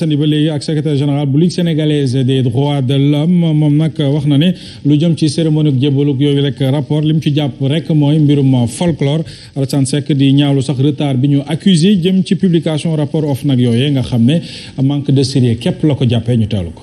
desandi ba léegi ak secrétaire général bu ligue sénégalaise des droits de l'homme moom nag wax na ne lu jëm ci cérémonie jébbaluk yooyu rek rapport li mu ci jàpp rek mooy mbirum folklore Alassane Seck di ñaawlu sax retard bi ñu accusé jëm ci publication rapport OFNAC yooyee nga xam ne manque de sérieux képp la ko jàppee ñu teelu ko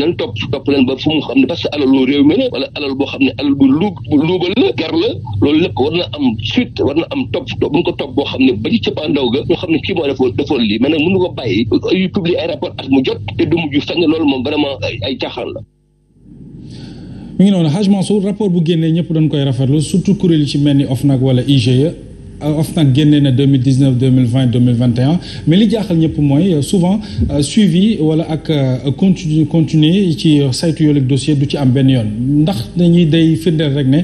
nañ topp topp leen ba fu mu xam ne parce que alalu réew mi la wala alal boo xam ne alal bu luub bu luubal la gar la loolu lépp war na am suite war na am topp ñu boo xam ne ba ci cëppaandaw ga ñu xam ne kii moo defoon lii mais nag ko bàyyi yu publier ay rapport at mu jot te du mujj fenn loolu moom vraiment ay caaxaan la mi ngi noonu Haj Mansour rapport bu génnee ñëpp dañ koy rafetlu surtout kuréel yi ci mel ni OFNAC wala IGE OFNAC génnee na 2019 2020 2021 mais li jaaxal ñëpp mooy euh, souvent euh, suivi wala ak euh, continu continuer ci saytu yooyu dossier du ci am benn yoon ndax dañuy day firndeel rek ne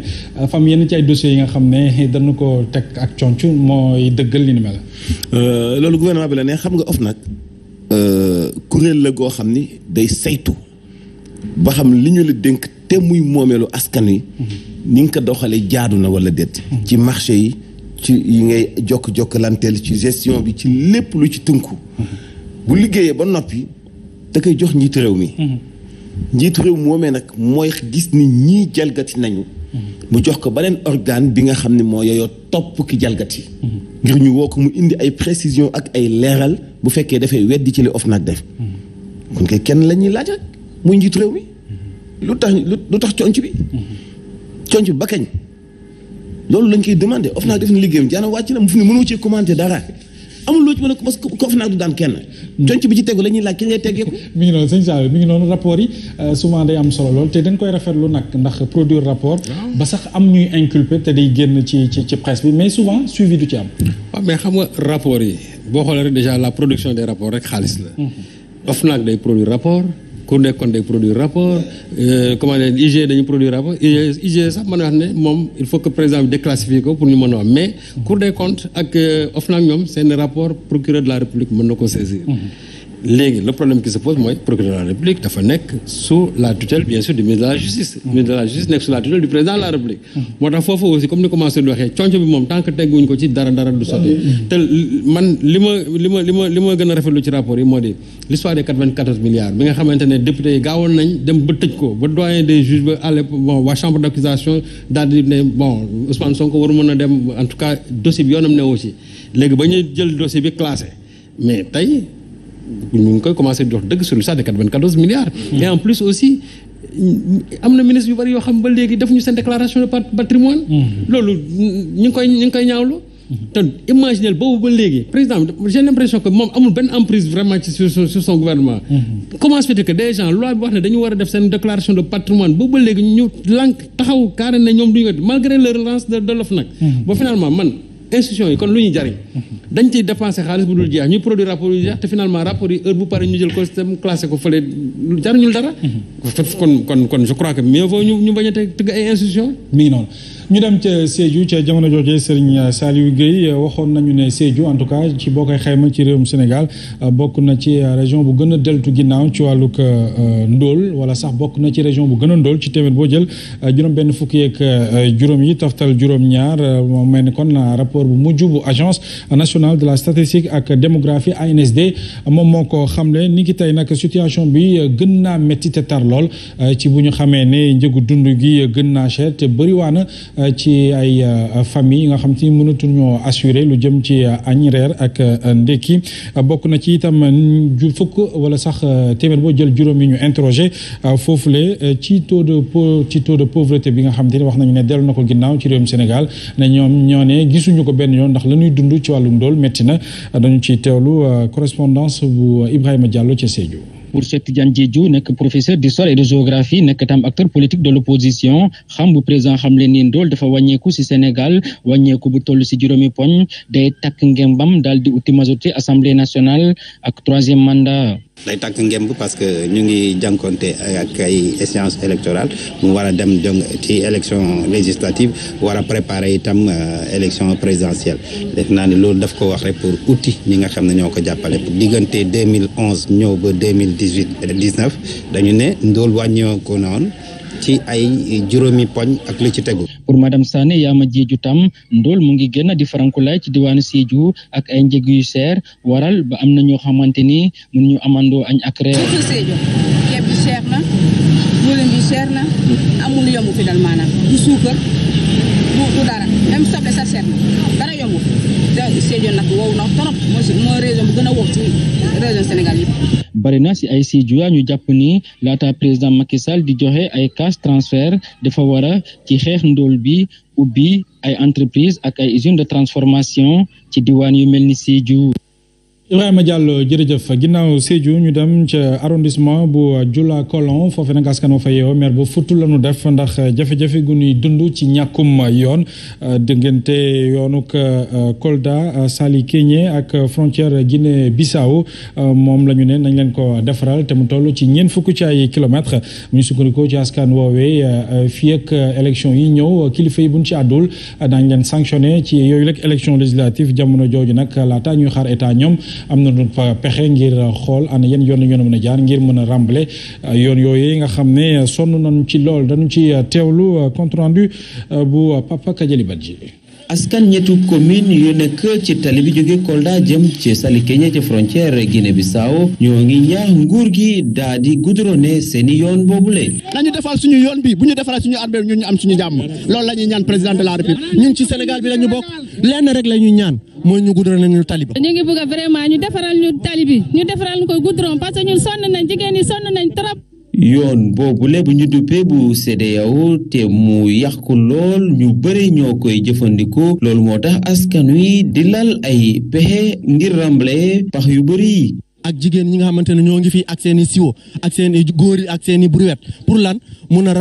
fam yenn ci ay dossiers yi nga xam ne dañu ko teg ak conc mooy dëggal li ni mel. loolu gouvernement bi la ne xam nga OFNAC kuréel la goo xam ni day saytu ba xam li ñu la dénk te muy moomeelu askan wi mhm. ni nga ko doxalee jaadu na wala déet. Mhm. ci marché yi. ci yi ngay jokk-jokkalanteel ci gestion bi ci lépp lu ci tënku bu liggéeyee ba noppi da koy jox njiitu réew mi njiitu réew moomee nag mooy gis ni ñii jalgati nañu mu jox ko beneen organe bi nga xam ne moo yooyoo topp ki ko mu indi ay précision ak ay leeral bu fekkee dafay weddi ci li nag def kon kay kenn lañuy ñuy laaj rek muy njiitu réew mi lu tax lu tax conc bi conc bi ba kañ loolu lañ koy demandé OFNAC def na liggéeyam jaana wàcc na mu fi ne mënoo cee commenté dara amul loo ci mën a parce du daan kenn jonc bi ci tegu la laaj ki ngay teggeeku mi ngi noonu sëñ Sall mi ngi noonu rapport yi euh, souvent day am solo lool te dañ koy rafetlu nag ndax produire rapport ba sax am ñuy inculpé te day génn ci ci bi mais souvent suivi du ci am waaw mais xam rapport yi boo xoolee rek déjà la production de rapports rek xaalis la cour de comptes day produire rapport euh, comment dire IG dañu produire rapport IG sax mën na wax ne moom il faut que président bi déclassifier ko pour ñu mën a wax mais cour des comptes ak euh, OFNAC ñoom seen rapport procureur de la république mën na ko saisir léegi le problème qui se pose mooy procureur de la république dafa nekk sous la tutelle bien sûr du ministre de la justice ministre de la justice nekk sous la tutelle du président la république moo tax foofu aussi comme ni commencé di waxee conco bi moom tant que tegguñ ko ci dara dara du sotti te man li ma li ma li ma li ma gën a rafetlu ci rapport yi moo di l'histoire des 94 milliards bi nga xamante ne député gaawoon nañ dem ba tëj ko ba doyen des juges ba àll bon waa chambre d'accusation daal a dem en tout cas dossier bi yoonam ne aussi léegi ba ñuy ñu ngi koy commencé di dëgg sur le champ de 94 milliards. Mm-hmm. et en plus aussi am na ministre yu bari yoo xam ba léegi defuñu seen déclaration de patrimoine mm-hmm. loolu ñu ngi koy ñu ngi koy ñaawlu. Mm-hmm. te imaginel boobu ba léegi président j'ai l'impression que moom amul benn emprise vraiment ci sur son gouvernement comment se fait-il loi bi wax ne dañu war a def seen déclaration de patrimoine boobu ba léegi ñu lànk taxaw carrément ñoom institution yi kon lu ñuy jariñ dañ ciy dépensé xaalis bu dul jeex ñu produit rapport yu jeex te finalement rapport yi heure bu pare ñu jël ko système classé ko fële jariñul dara mhm. kon kon kon je crois que mais vaut ñu ñu bañ a teg tëgg ay institution mi noonu ñu dem ca Sédhiou ca jamono jooje Serigne Saliou Gueye euh, waxoon nañu ne Sédhiou en tout cas ci boo koy xayma ci réew mu Sénégal euh, bokk na ci euh, région bu gën a deltu ginnaaw ci wàllug ndóol wala sax bokk na ci région bu gën a ndóol ci téeméer boo jël juróom-benn fukki yeeg juróom yi toftal juróom-ñaar moo mel ni kon rapport bu mujj bu agence nationale de la statistique ak démographie ANSD moom moo ko xamle ni ki tey nag situation bi gën naa métti te tar lool ci bu ñu xamee ne njëgu dund gi gën naa cher te bëriwaana Euh, ci ay euh, famille yi nga xam ci ni mënatul ñoo lu jëm ci euh, añ reer ak ndékki bokk na ci itam ju fukk wala sax téeméer boo jël juróom yi ñu interrogé foofule ci taux de po ci taux de pauvreté bi nga xam te ni wax nañu ne dellu na ko ginnaaw ci réewum Sénégal ne ñoom ñoo ne gisuñu ko benn yoon ndax la ñuy dund ci wàllum dool métti na dañu ci teewlu correspondance bu Ibrahima jàlloo ca Sédhiou pour Cheikh Tidiane Diédhiou nekk professeur d'histoire et de géographie nekk tam acteur politique de l'opposition xam bu président xam leen ni ndool dafa wàññeeku ci Sénégal wàññeeku bu toll ci juróomi poñ day takk ngembam daal di uti majorité assemblée nationale ak troisième mandat day tàkk ngemb parce que ñu ngi jànkonte ak ay échéance électorale mu war a dem jong ci élection législative war a préparer itam euh, élection présidentielle def naa ne loolu daf ko wax rek pour outil ñi nga xam ne ñoo ko jàppale diggante 2011 ñëw ba 2018 19 dañu ne ndool wàññoo ko noonu ci ay juróomi poñ ak lu ci tegul pour madame sànni Yaama Diédhiou tam ndool mu ngi gën a di farankulaay ci diwaanu Sédhiou ak ay njëg yu seer waral ba am na ñoo xamante ni ñu amandoo añ ak reer. surtout Sédhiou ceeb na mboolem bi yomb fi dal maanaam du suukar du du dara même soble sax cher na dara yomb trop mooy région bu gën a wow ci région Sénégal yëpp. bari na si ay siijuya ñu jàpp ni laata président Macky Sall di joxe ay cash transfert dafa war a ci xeex ndool bi ubbi ay entreprises ak ay usine de transformation ci diwaan yu mel ni Sédhiou Ibrahima Diallo jërëjëf ginnaaw Sédhiou ñu dem ca arrondissement bu Jula Kolon foofee nag askan wa fa yeewoo maire bu futt la ñu def ndax jafe-jafe gu ñuy dund ci ñàkkum yoon euh, diggante yoonuk euh, Kolda euh, Sali Kényé ak frontière Guinée Bissau moom la ñu ne nañ leen ko defaral te mu toll ci ñeent fukk ci ay kilomètres ñu sukkandikoo ci askan woowee fii ak élection yi ñëw kilifa yi buñ ci àddul daañ leen sanctionné ci yooyu rek élection législative jamono jooju nag laata ñuy xaar état ñoom. am na doon fa pexe ngir xool ana yan yoon la ñu mën a jaar ngir mën a rembale euh, yoon yooyu nga xam ne sonn nañu ci lool dañu ci euh, teewlu euh, compte rendu bu Papa Kadiali Badji askan ñetu commune yu nekk ci tali bi jóge Kolda jëm ci Salikégné ci frontière Guinée-Bissau ñoo ngi ñaax nguur gi daa di goudronné seeni yoon boobule. nañu defal suñu yoon bi bu ñu defal suñu armée ñun ñu am suñu jàmm lool la ñuy ñaan président de la république ñun ci Sénégal bi la bokk lenn rek la ñuy ñaan mooy ñu goudronné ñu tali bi. ñu ngi bëgg vraiment ñu defaral ñu tali bi ñu defaral ñu ko goudron parce que sonn nañ jigéen sonn nañ trop. yoon boobule bu ñu duppee bu CEDEAO te mu yàq ko lool ñu bëri ñoo koy jëfandikoo loolu moo tax askan wi di lal ay pexe ngir rambale pax yu bëri. ak jigéen ñi nga xamante ne ñoo ngi fi ak seen i siwo ak seen i góor yi ak seeni i pour lan mun a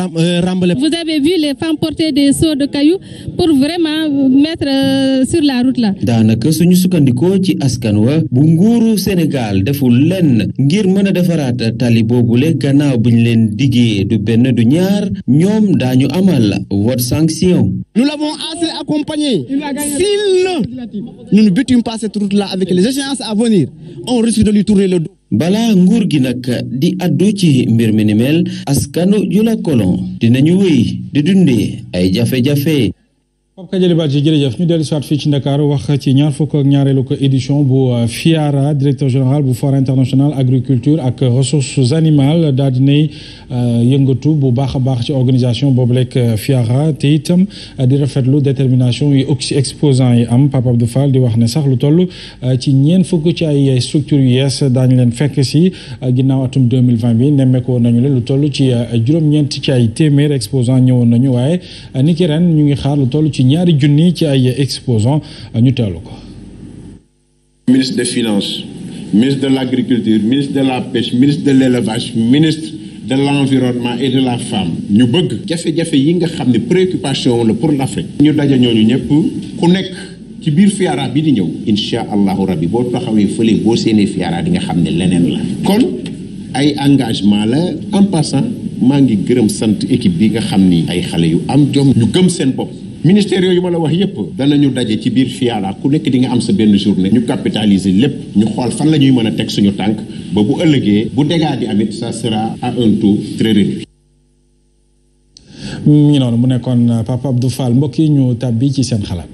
remballer. Euh, vous avez vu les femmes porter des seaux de cailloux pour vraiment mettre euh, sur la route là. daanaka suñu sukkandikoo ci askan wa bu nguuru Sénégal deful lenn ngir mën a defaraat tali boobu le gannaaw bu ñu leen diggee du benn du ñaar ñoom daañu amal vote sanction. nous l'avons assez accompagné s'il ne nous ne butons pas cette route là avec les échéances à venir on risque de lui tourner le bala nguur gi nag di addu ci mbir mi ni mel askanu jula kolon dinañu wéy di dundee ay jafe-jafe Pape Kadiali Badji jërëjëf ñu dellu siwaat fii ci Ndakaaru wax ci ñaar fukk ak ñaareelu ko édition bu euh, FIARA directeur général bu foire international agriculture ak ressources animales daal dinay euh, yëngatu bu baax a baax ci organisation boobu lekk euh, FIARA te itam di rafetlu détermination yi aussi exposant yi am Pape Abdou Fall di wax ne sax lu toll ci ñeen fukk ci ay structures yu yees daañu leen fekk si ginnaaw atum 2020 bi nemmeekoo nañu leen lu toll ci juróom-ñeent ci ay téeméer exposant ñëwoon nañu waaye ci ñaari junni ci ay exposants euh, ñu teelu ko ministre des finances ministre de l'agriculture ministre de la pêche ministre de l'élevage ministre de l'environnement et de la femme ñu bëgg jafe-jafe yi nga xam ne préoccupation la pour l'Afrique ñu daja ñooñu ñëpp ku nekk ci biir fiara bi di ñëw incha allahu rabbi boo taxawee fële boo seenee fiara di xam ne leneen la kon ay engagement la en passant maa ngi gërëm sant équipe bi nga xam ni ay xale yu am jom ñu gëm seen bopp ministère yooyu ma la wax yëpp ñu daje ci biir FIALA ku nekk dinga am sa benn journée ñu capitaliser lépp ñu xool fan la ñuy mën a teg suñu tànk ba bu ëllëgee bu dégâts di amit ça sera à un taux très réduit ñu noonu mu nekkoon Papa Abdou Fall mbokk yi ñu tàbbi ci seen xalaat.